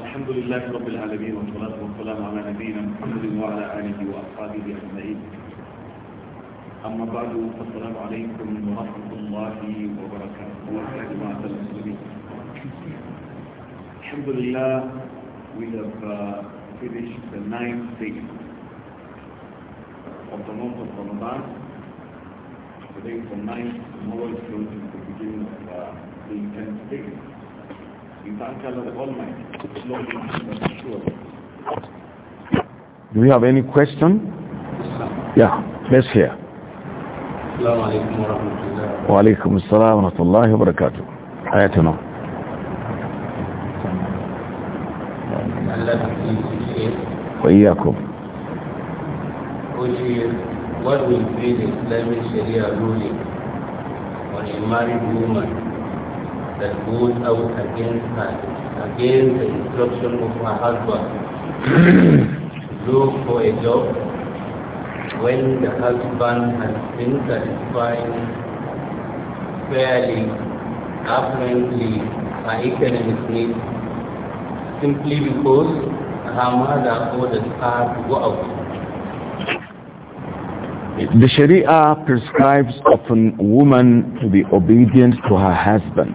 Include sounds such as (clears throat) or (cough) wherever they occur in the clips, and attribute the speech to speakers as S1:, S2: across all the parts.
S1: الحمد لله رب العالمين والصلاة والسلام على نبينا محمد وعلى آله وأصحابه أجمعين أما بعد فالسلام عليكم ورحمة الله وبركاته وعلى جماعة المسلمين الحمد لله we have uh, finished the ninth day of the month of Ramadan today is the ninth tomorrow is going to be the beginning of uh, the tenth day You thank Allah Almighty, Do you have any question? Yeah, let's hear. وعليكم السلام barakatuh. الله وبركاته حياتنا وإياكم
S2: What will be the Islamic Sharia ruling on a married woman that goes out against my, against the instruction of my husband. (clears throat) Look for a job when the husband has been satisfied fairly, apparently, her economic needs, simply because her mother ordered her to go out.
S1: The Sharia prescribes often woman to be obedient to her husband.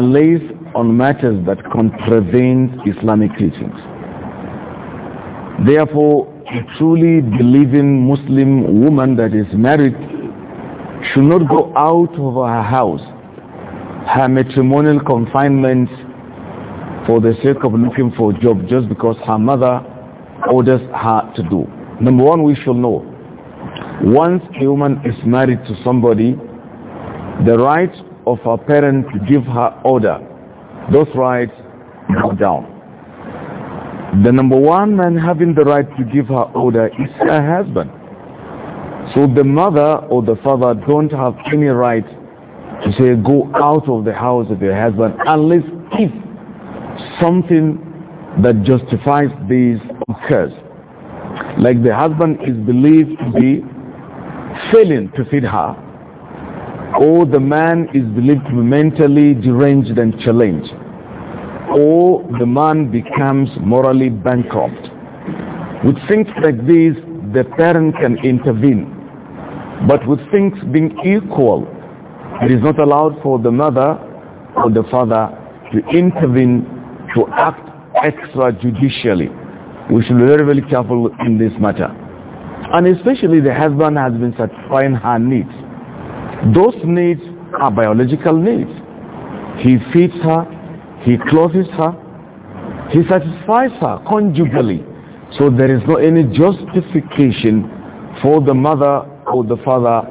S1: laid on matters that contravene Islamic teachings. Therefore, a truly believing Muslim woman that is married should not go out of her house, her matrimonial confinement for the sake of looking for a job just because her mother orders her to do. Number one, we should know. Once a woman is married to somebody, the right of her parent to give her order. Those rights go down. The number one man having the right to give her order is her husband. So the mother or the father don't have any right to say go out of the house of your husband unless if something that justifies this occurs. Like the husband is believed to be failing to feed her or the man is believed to be mentally deranged and challenged, or the man becomes morally bankrupt. With things like these, the parent can intervene. But with things being equal, it is not allowed for the mother or the father to intervene to act extrajudicially. We should be very, very careful in this matter. And especially the husband has been satisfying her needs those needs are biological needs. He feeds her, he clothes her, he satisfies her conjugally. So there is no any justification for the mother or the father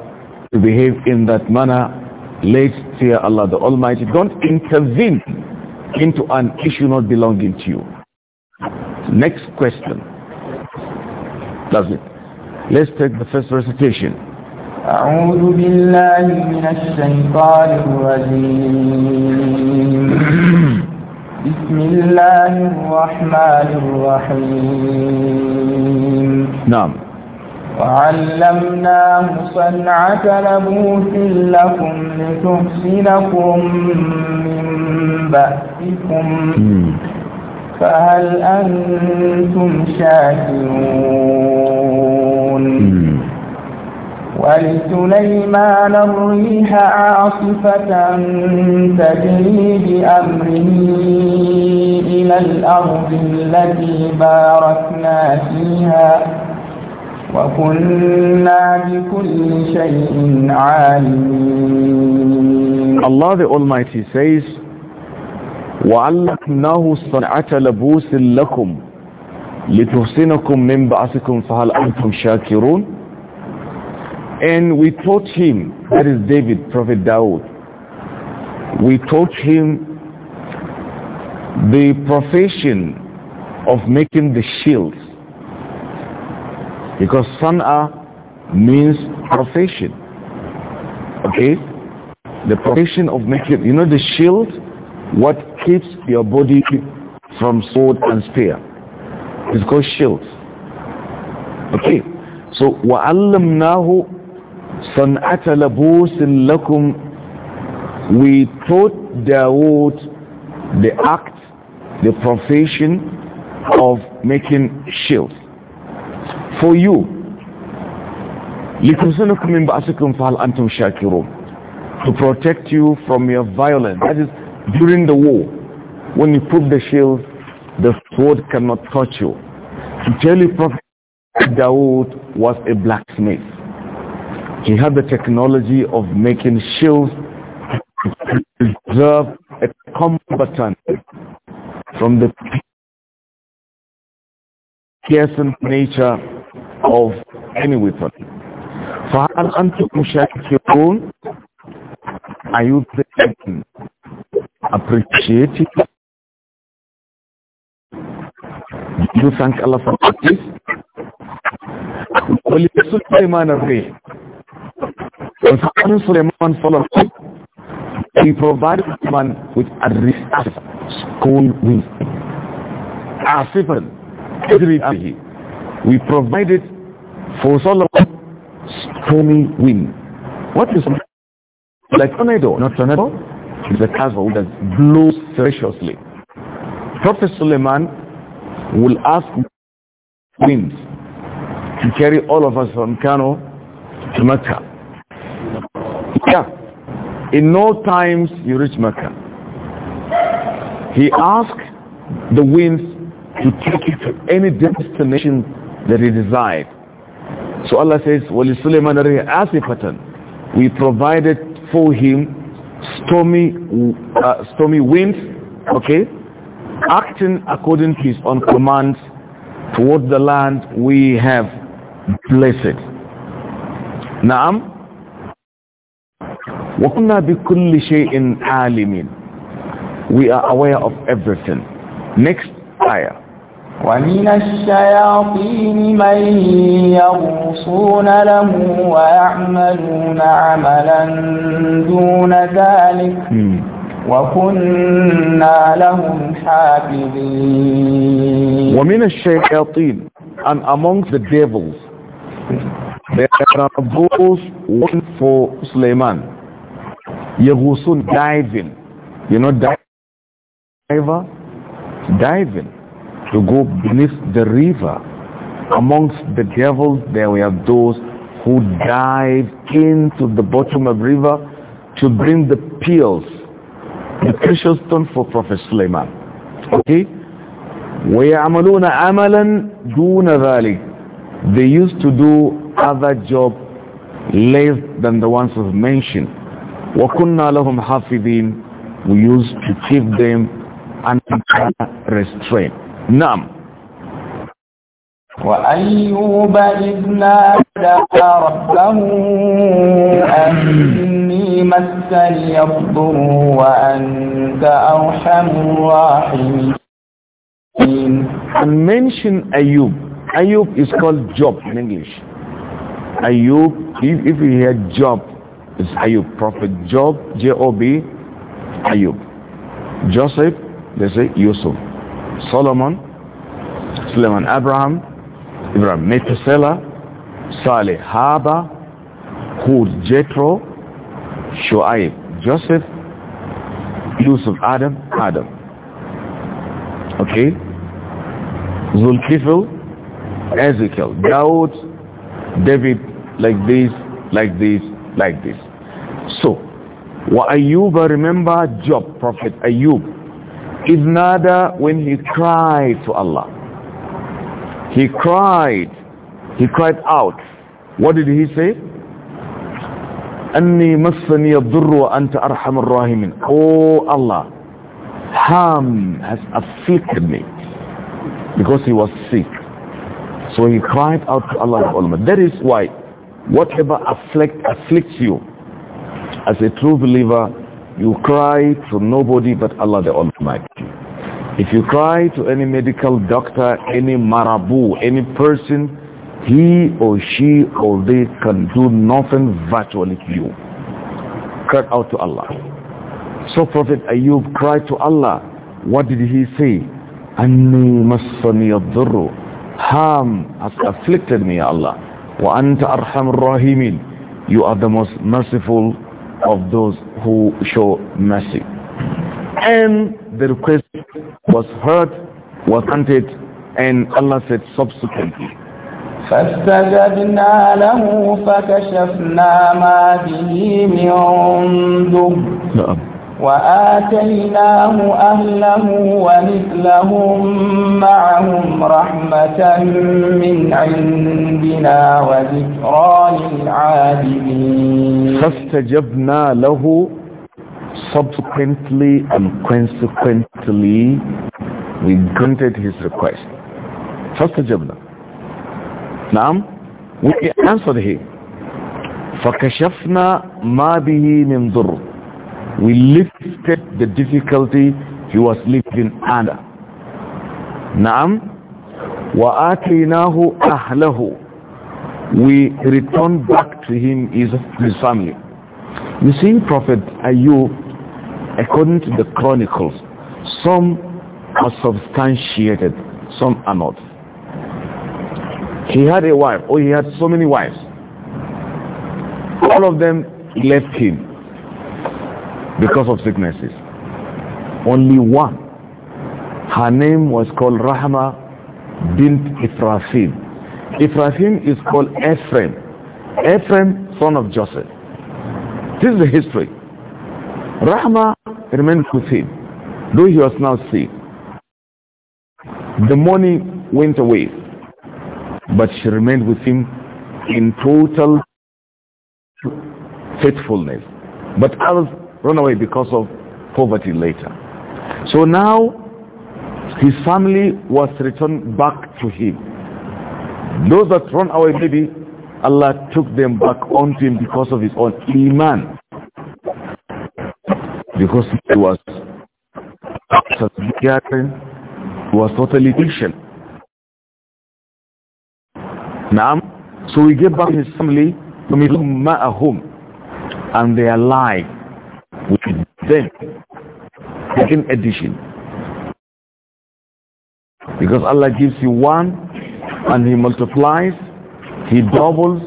S1: to behave in that manner. Let fear Allah the Almighty. Don't intervene into an issue not belonging to you. Next question. Does it? Let's take the first recitation.
S2: أعوذ بالله من الشيطان الرجيم بسم الله الرحمن الرحيم نعم وعلمناه صنعة لبوس لكم لتحسنكم من بأسكم فهل أنتم شاكرون ولسليمان الريح عاصفة تجري بأمره إلى الأرض التي باركنا فيها وكنا بكل شيء
S1: عالمين Allah the Almighty says وعلقناه صنعة لبوس لكم لتحسنكم من بعثكم فهل أنتم شاكرون And we taught him, that is David, Prophet Dawood, we taught him the profession of making the shields. Because San'a means profession. Okay? The profession of making, you know the shield, what keeps your body from sword and spear. It's called shields. Okay. So وَعَلَّمْنَاهُ صنعة لبوس لكم we taught Dawood the act the profession of making shields for you لترسلكم من بأسكم فهل أنتم شاكرون to protect you from your violence that is during the war when you put the shield the sword cannot touch you to tell you prophet Dawood was a blacksmith he had the technology of making shields to preserve a combatant from the piercing nature of any weapon. فهل أنتم مشاكرون Are you thinking, appreciating? Do you thank Allah for this? ولرسول سليمان الريح when Harun Suleiman followed him, he provided man with a resource, school As Asifan, every day, We provided for Solomon stormy wind. What is like tornado? Not tornado. It's a castle that blows ferociously. Prophet Suleiman will ask winds to carry all of us from Kano to Mecca. Yeah. In no times you reach Mecca. He asked the winds to take you to any destination that he desired. So Allah says, وَلِسُلَيْمَانَ رِهِ آسِفَةً We provided for him stormy, uh, stormy winds, okay, acting according to his own commands toward the land we have blessed. na'am wa kunna bi kulli shay'in alimin we are aware of everything next ayah wa min
S2: ash-shayatin man yaghsuna lahu wa ya'maluna 'amalan duna dhalik wa kunna lahum
S1: habibin wa min ash-shayatin and among the devils There are both waiting for Suleiman. dive diving. You know diver? Diving. To go beneath the river. Amongst the devils there were those who dive into the bottom of river to bring the pills, the precious stone for Prophet Suleiman. Okay? وَيَعْمَلُونَ عَمَلًا دُونَ ذَلِكَ they used to do other job less than the ones I've mentioned. وَكُنَّا لَهُمْ حَافِظِينَ We used to keep them under restraint. نعم وأيوب إذ نادى ربه
S2: أني مسني الضر وأنت أرحم الراحمين.
S1: And mention Ayub Ayub is called Job in English. Ayub, if, if you hear Job, it's Ayub. Prophet Job, J-O-B, Ayub. Joseph, they say Yusuf. Solomon, Solomon Abraham, Abraham. Methuselah, Saleh Haba, Hud Jethro, Shoaib, Joseph, Yusuf Adam, Adam. Okay? Zulkifil, Ezekiel, Daud, David, like this, like this, like this. So, wa Ayuba, remember Job, Prophet Ayub, nada when he cried to Allah. He cried, he cried out. What did he say? أني مسني الضر وأنت أرحم الراحمين Oh Allah, harm has afflicted me because he was sick. So he cried out to Allah Almighty. That is why whatever afflict, afflicts you, as a true believer, you cry to nobody but Allah the Almighty. If you cry to any medical doctor, any marabu, any person, he or she or they can do nothing virtually to you. Cry out to Allah. So Prophet Ayub cried to Allah. What did he say? أني مسني الضر harm has afflicted me, Allah. Wa anta arhamur rahimin. You are the most merciful of those who show mercy. And the request was heard, was granted, and Allah said subsequently.
S2: فاستجبنا له فكشفنا ما به من وآتيناه أهله ومثلهم معهم رحمة من عندنا وذكرى
S1: للعالمين فاستجبنا له subsequently and consequently we granted his request فاستجبنا نعم we answered him فكشفنا ما به من ضر we lifted the difficulty he was living under. Naam, wa atinahu ahlahu. We return back to him his, his family. You see, Prophet Ayub, according to the chronicles, some are substantiated, some are not. He had a wife, or he had so many wives. All of them left him because of sicknesses. Only one. Her name was called Rahma bint Ephraim. Ephraim is called Ephraim. Ephraim, son of Joseph. This is the history. Rahma remained with him, though he was now sick. The money went away, but she remained with him in total faithfulness. But others run away because of poverty later. So now his family was returned back to him. Those that run away maybe Allah took them back onto him because of his own iman. Because he was he was totally patient. Now, so we gave back his family to Ma'ahum and they are alive then second edition because Allah gives you one and he multiplies he doubles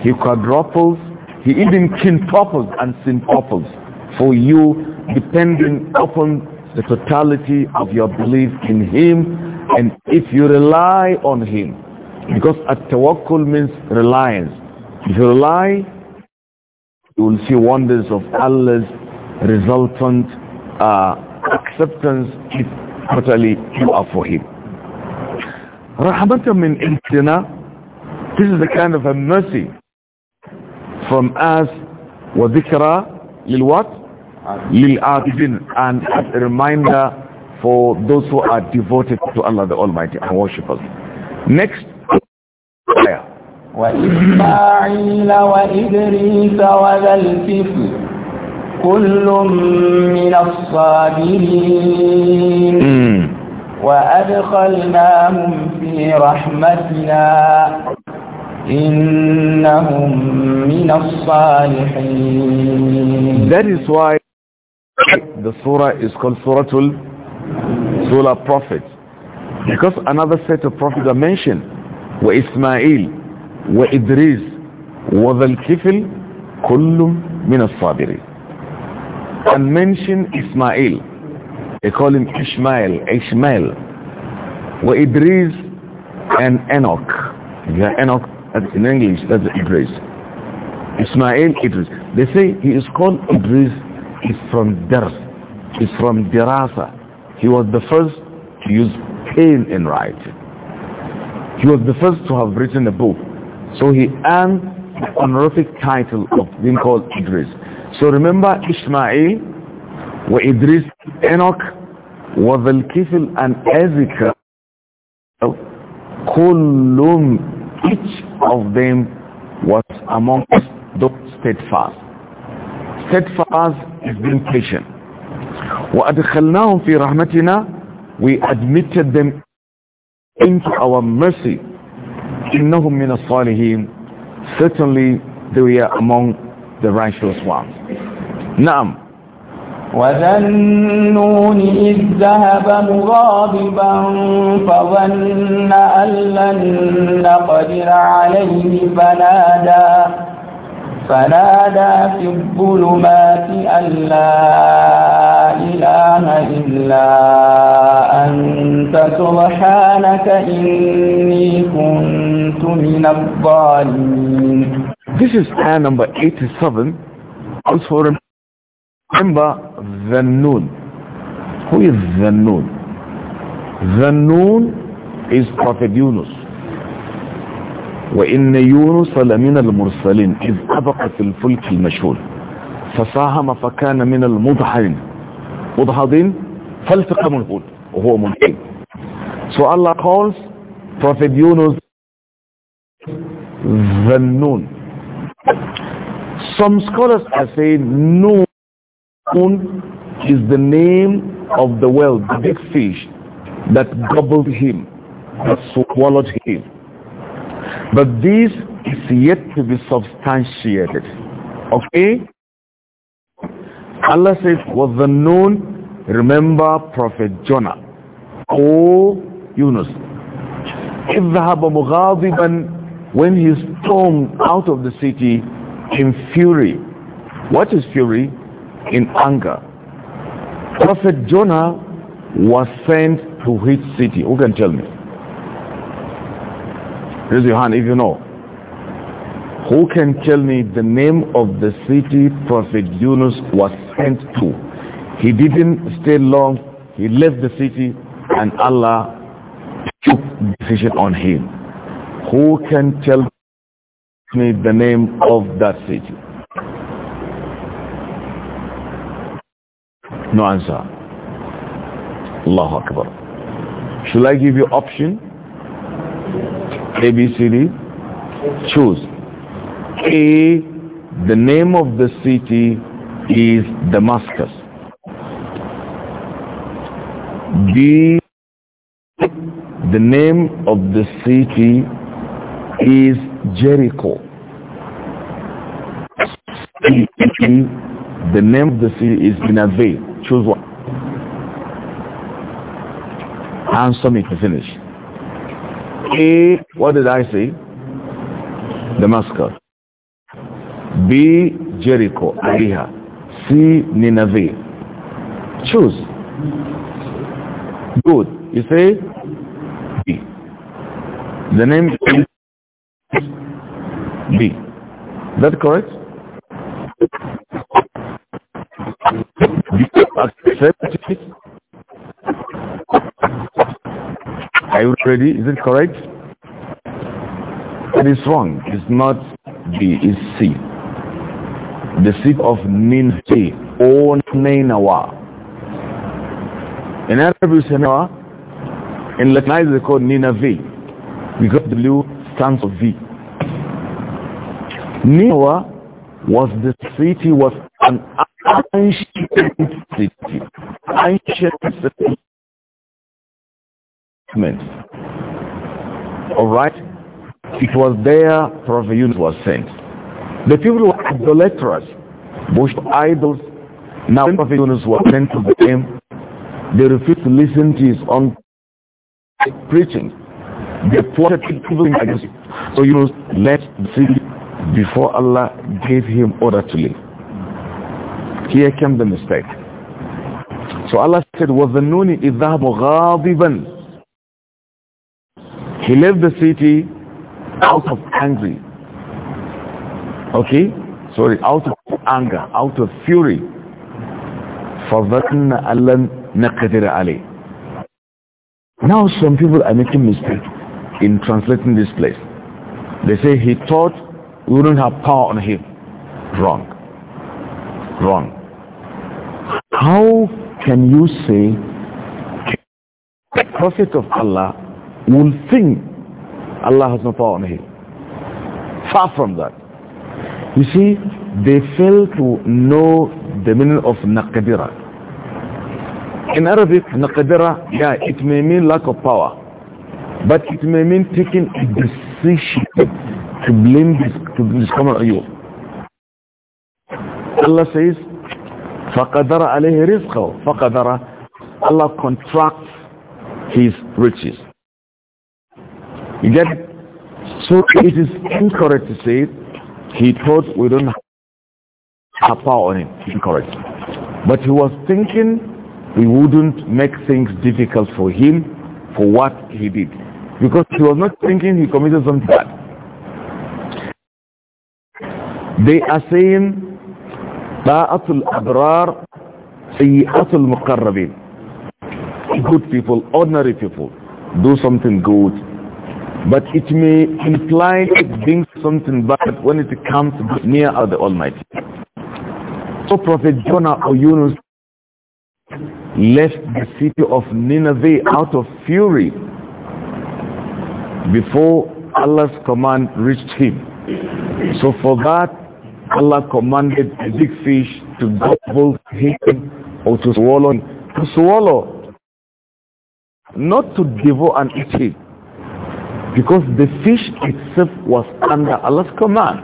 S1: he quadruples he even quintuples and centuples for you depending upon the totality of your belief in him and if you rely on him because at-tawakkul means reliance if you rely you will see wonders of Allah's resultant uh, acceptance if totally you are for him. Rahmatan min intina, this is the kind of a mercy from us wa dhikra lil what? Lil and as a reminder for those who are devoted to Allah the Almighty and worshippers. Next prayer. وإسماعيل وإدريس
S2: وذا الكفل كل من الصابرين وأدخلناهم في رحمتنا إنهم من
S1: الصالحين That is why the surah is called Surah al Surah Prophet because another set of prophets are mentioned وإسماعيل وإدريس وذا الكفل كل من الصابرين and mention Ismail. They call him Ishmael, Ishmael. Where Idris and Enoch. Yeah, Enoch, that's in English, that's Idris. Ismail, Idris. They say he is called Idris, He's from Dars, he's from Dirasa. He was the first to use pen in writing. He was the first to have written a book. So he earned the honorific title of being called Idris. So remember Ishmael, wa Idris, Enoch, wa Zalkifil and Ezekiel. Kullum, each of them was among those steadfast. Steadfast is being patient. We admitted them into our mercy. إِنَّهُمْ مِنَ Certainly they were among the righteous one. Naam. نعم. وذا النون
S2: إذ ذهب مغاضبا فظن أن لن نقدر عليه فنادى فنادى في الظلمات أن لا إله إلا أنت سبحانك إني
S1: كنت من الظالمين This is ayah number 87 also remember the noon who is the noon the noon is Prophet Yunus وإن يونس لمن المرسلين إذ أبق في الفلك المشهول فساهم فكان من المضحين مضحضين فالتقى منهود وهو منهين So Allah calls Prophet Yunus the noon Some scholars are saying Noon is the name of the whale, the big fish that gobbled him, that swallowed him. But this is yet to be substantiated. Okay? Allah says, was the known, remember Prophet Jonah. Oh, Yunus. اذهب مغاضبا when he stormed out of the city in fury. What is fury? In anger. Prophet Jonah was sent to which city? Who can tell me? Raise your hand if you know. Who can tell me the name of the city Prophet Yunus was sent to? He didn't stay long. He left the city and Allah took decision on him. Who can tell me the name of that city? No answer. Allahu Akbar. Shall I give you option? A, B, C, D. Choose. A, the name of the city is Damascus. B, the name of the city is Jericho. The name of the city is Nineveh. Choose one. Answer me to finish. A, what did I say? Damascus. B, Jericho, Ariha. C, Nineveh. Choose. Good. You say B. The name is B. Is that correct? Are you ready? Is it correct? It is wrong. It's not B, it's C. The seat of Ninhe or Nainawa. In Arabic we say Nawa. In Latin they We Ninavi because W stands for V. Nineveh was the city was an ancient city, ancient city. All right, it was there Prophet Yunus was sent. The people were idolaters, worship idols. Now Prophet Yunus was sent to them. They refused to listen to his own preaching. They plotted evil against him. So Yunus left the city before Allah gave him order to leave. Here came the mistake. So Allah said, وَظَنُّونِ إِذَّهَبُ غَاضِبًا He left the city out of angry. Okay? Sorry, out of anger, out of fury. أَلَّنْ نَقْدِرَ عَلَيْهِ Now some people are making mistakes in translating this place. They say he thought we wouldn't have power on him. Wrong. Wrong. How can you say the prophet of Allah will think Allah has no power on him? Far from that. You see, they fail to know the meaning of naqdira. In Arabic, naqdira, yeah, it may mean lack of power, but it may mean taking a decision to blame this to this discover Ayub. Allah says, فَقَدَرَ عَلَيْهِ رِزْقَهُ فَقَدَرَ Allah contracts his riches. You get it? So it is incorrect to say he thought we don't have power on him. Incorrect. But he was thinking we wouldn't make things difficult for him for what he did. Because he was not thinking he committed something bad. They are saying, Ta'atul Abrar, Siyatul Muqarrabin. Good people, ordinary people, do something good. But it may imply it brings something bad when it comes near the Almighty. So Prophet Jonah or Yunus left the city of Nineveh out of fury before Allah's command reached him. So for that, Allah commanded a big fish to gobble him or to swallow him. To swallow, not to devour and eat him. Because the fish itself was under Allah's command.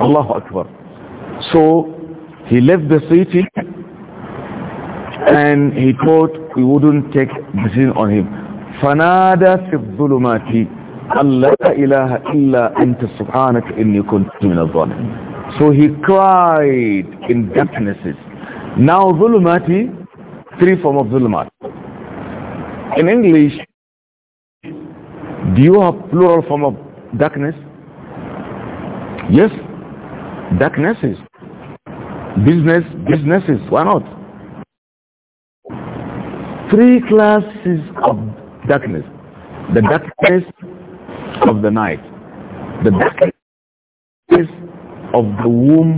S1: Allahu Akbar. So he left the city and he thought we wouldn't take sin on him. فَنَادَى فِي الظُّلُمَاتِ أَلَّا إِلَهَ إِلَّا أَنْتَ سُبْحَانَكَ إِنِّي كُنْتُ مِنَ الظَّالِمِينَ so he cried in darknesses. Now zulumati, three form of zulumat. In English, do you have plural form of darkness? Yes, darknesses. Business, businesses, why not? Three classes of darkness. The darkness of the night. The darkness of the womb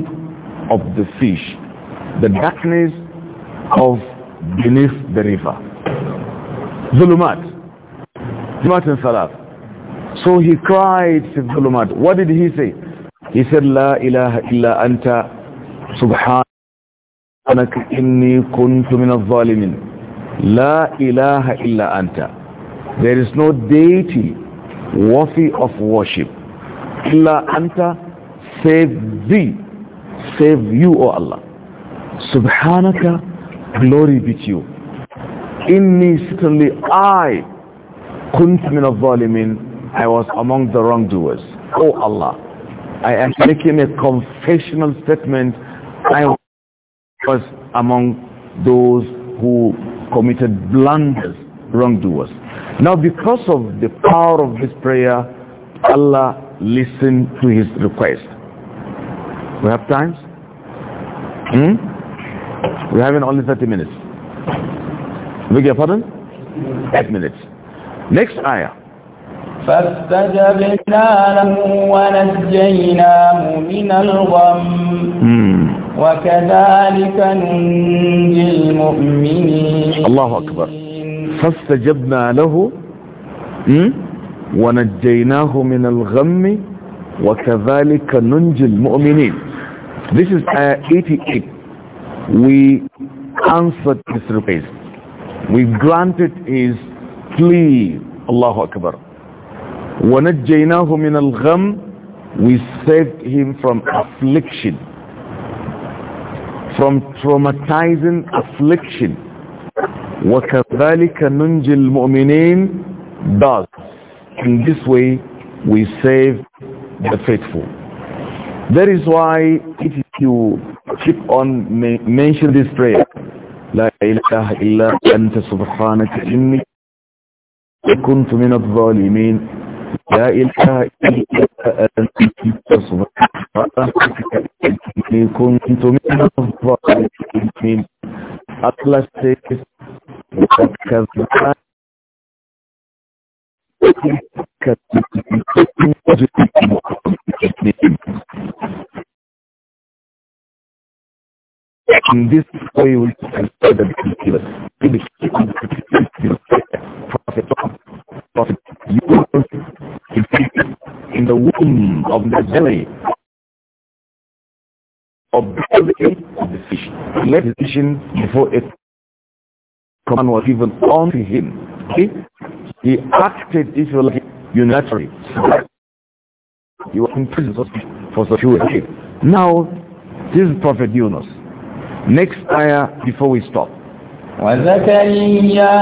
S1: of the fish, the darkness of beneath the river. Zulumat. Zulumat and Salaf. So he cried Zulumat. What did he say? He said, La ilaha illa anta subhanaka inni kuntu min al-zalimin. La ilaha illa anta. There is no deity worthy of worship. Illa anta save thee, save you, O Allah. Subhanaka, glory be to you. Inni certainly I, kunt min al-zalimin, I was among the wrongdoers. O Allah, I am making a confessional statement. I was among those who committed blunders, wrongdoers. Now because of the power of this prayer, Allah listened to his request. We have times? Hmm? We have only 30 minutes. We get pardon? 8 minutes. Next ayah.
S2: فاستجبنا له ونجيناه من الغم
S1: hmm.
S2: وكذلك ننجي المؤمنين
S1: الله أكبر فاستجبنا له hmm, ونجيناه من الغم وَكَذَلِكَ نُنْجِ الْمُؤْمِنِينَ This is Ayah 88. We answered his request. We granted his plea. Allahu Akbar. وَنَجَّيْنَاهُ مِنَ الْغَمِّ We saved him from affliction. From traumatizing affliction. وَكَذَلِكَ نُنْجِ الْمُؤْمِنِينَ Thus, in this way, we save the faithful. That is why if you keep on mention this prayer, لا إله إلا أنت سبحانك إني كنت من الظالمين لا إله إلا أنت سبحانك إني كنت من الظالمين Allah says, وَكَذَّلِكَ in this way, we can further the Prophet, in the womb of the belly of the belly of the fish. He left his vision before it. Command was given unto him. Okay? He acted, if you unilaterally. He was in prison for security. Now, this is Prophet Yunus. Next ayah before we stop. وزكريا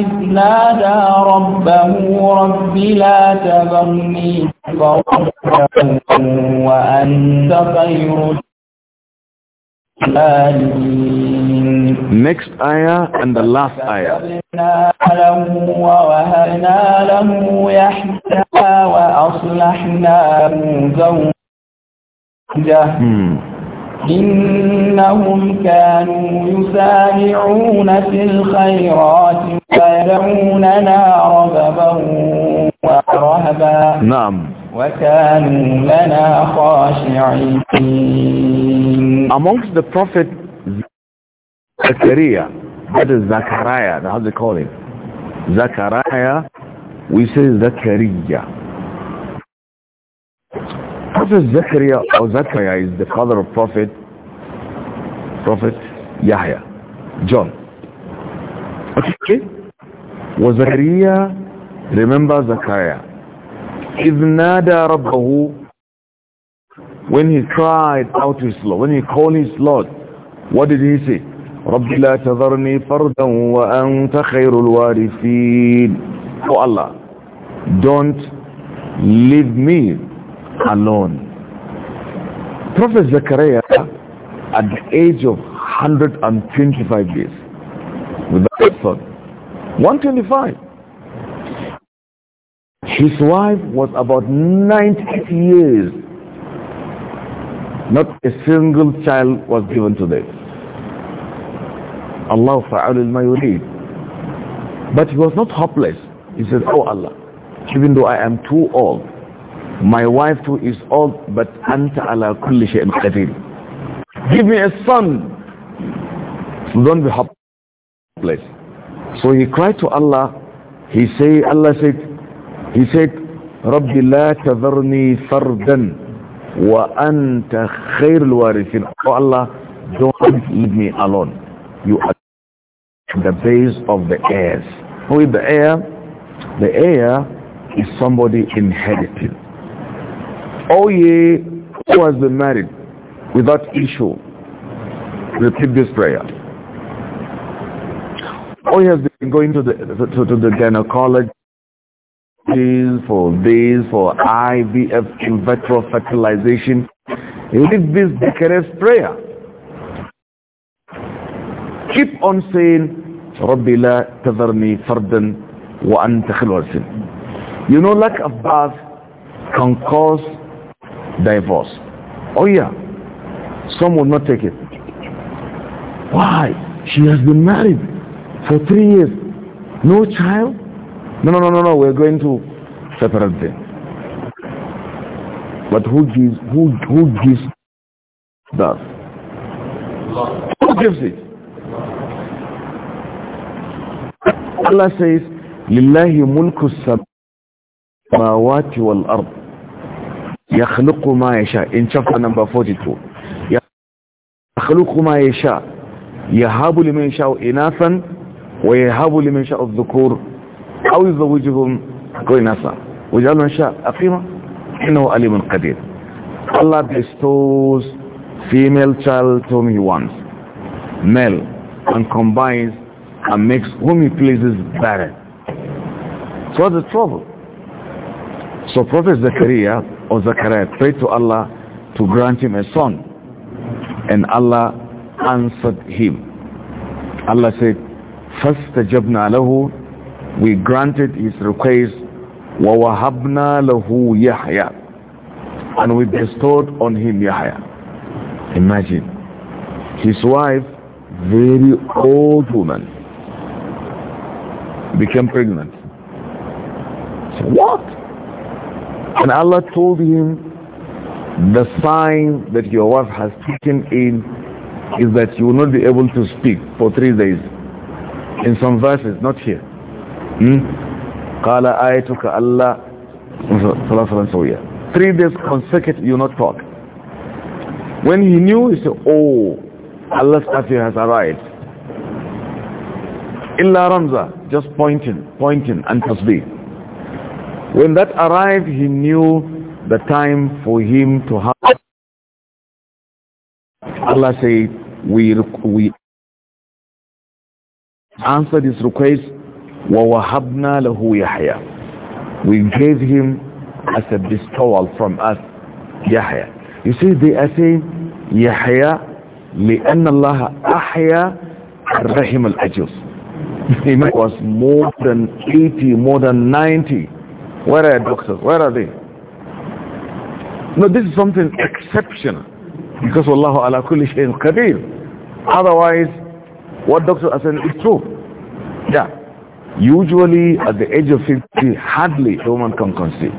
S2: إذ نادى ربه رب لا تذرني فردا وأنت خير
S1: الآلين next ayah and the last ayah.
S2: Hmm. إنهم كانوا يسارعون في الخيرات ويدعوننا رغبا
S1: ورهبا نعم وكانوا لنا خاشعين Amongst the Prophet Zachariah. That is Zachariah. How they call him. Zachariah. We say Zachariah. Prophet Zachariah or Zachariah is the father of Prophet Prophet Yahya, John. Okay? Was Zachariah, remember Zachariah. Ibnada Rabbahu, when he cried out to his Lord, when he called his Lord, what did he say? رب لا تذرني فردا وأنت خير الوارثين Oh Allah, don't leave me alone. Prophet Zechariah, at the age of 125 years, without son, 125, his wife was about 90 years. Not a single child was given to them. Allah fa'alul ma yurid. But he was not hopeless. He said, Oh Allah, even though I am too old, my wife too is old, but anta ala kulli shay'in qadir. Give me a son. So don't be hopeless. So he cried to Allah. He say, Allah said, he said, رَبِّ لَا fardan wa anta khair الْوَارِثِينَ Oh Allah, don't leave me alone. You are the base of the heirs. Who is the heir? The heir is somebody inherited. Oh ye who has been married without issue, repeat this prayer. Oh he has been going to the to, to the gynecologist for this, for IVF in vitro fertilization. repeat this decorous prayer keep on saying ربي لا تذرني فردا وأنت خلوة You know lack of bath can cause divorce. Oh yeah, some will not take it. Why? She has been married for three years. No child? No, no, no, no, no. We're going to separate them. But who gives, who, who gives that? Who gives it? Allah says, Lillahi mulku samawati wal ard. Yakhluqu ma yasha. In chapter number 42. Yakhluqu ma yasha. Yahabu liman yasha'u inathan wa yahabu liman yasha'u dhukur aw yuzawwijuhum ghaynasan. وجعل من شاء أقيمة إنه أليم قدير Allah bestows female child to me once male and combines and makes whom he pleases barren. So the trouble. So Prophet Zechariah or Zechariah prayed to Allah to grant him a son. And Allah answered him. Allah said, فَاسْتَجَبْنَا لَهُ We granted his request, وَوَهَبْنَا لَهُ يَحْيَا And we bestowed on him Yahya. Imagine. His wife, very old woman, became pregnant. what? And Allah told him the sign that your wife has taken in is that you will not be able to speak for three days. In some verses, not here. Hmm? Qala آيتك Allah. Three days consecutive you not talk. When he knew, he said, oh, Allah's affair has arrived illa ramza, just pointing, pointing and tasbih. When that arrived, he knew the time for him to have. Allah said, we, we answered his request, وَوَهَبْنَا لَهُ يَحْيَى We gave him as a bestowal from us, Yahya. You see, they are saying, Yahya, لأن الله أحيا الرحم الأجوز it was more than 80, more than 90. Where are doctors? Where are they? No, this is something exceptional. Because Allah ala kulli shayin qadir. Otherwise, what doctors are saying is true. Yeah. Usually, at the age of 50, hardly a woman can conceive.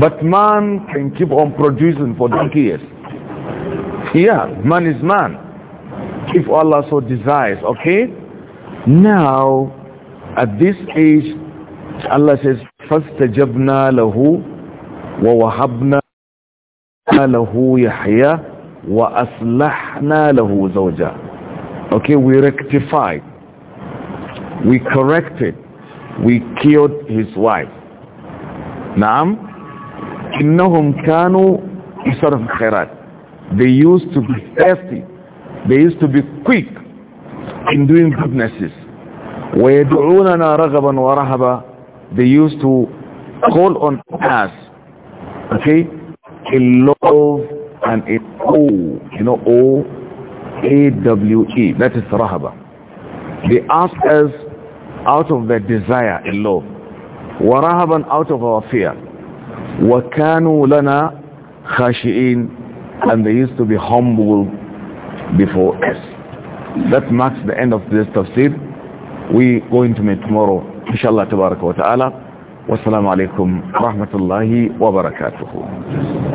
S1: But man can keep on producing for donkey years. Yeah, man is man if Allah so desires okay now at this age Allah says فاستجبنا له ووهبنا له يحيى وأصلحنا له زوجا okay we rectified we corrected we killed his wife نعم إنهم كانوا يصرف خيرات they used to be thirsty they used to be quick in doing goodnesses. وَيَدْعُونَنَا wa rahaba. They used to call on us, okay, in love and in awe, you know, O-A-W-E, that is rahaba. They ask us out of their desire in love, وَرَهَبًا out of our fear. kanu lana khashi'in And they used to be humble before us. That marks the end of this tafsir. We go into meet tomorrow. Inshallah, tabarak wa ta'ala. Wassalamu alaikum wa rahmatullahi wa barakatuhu.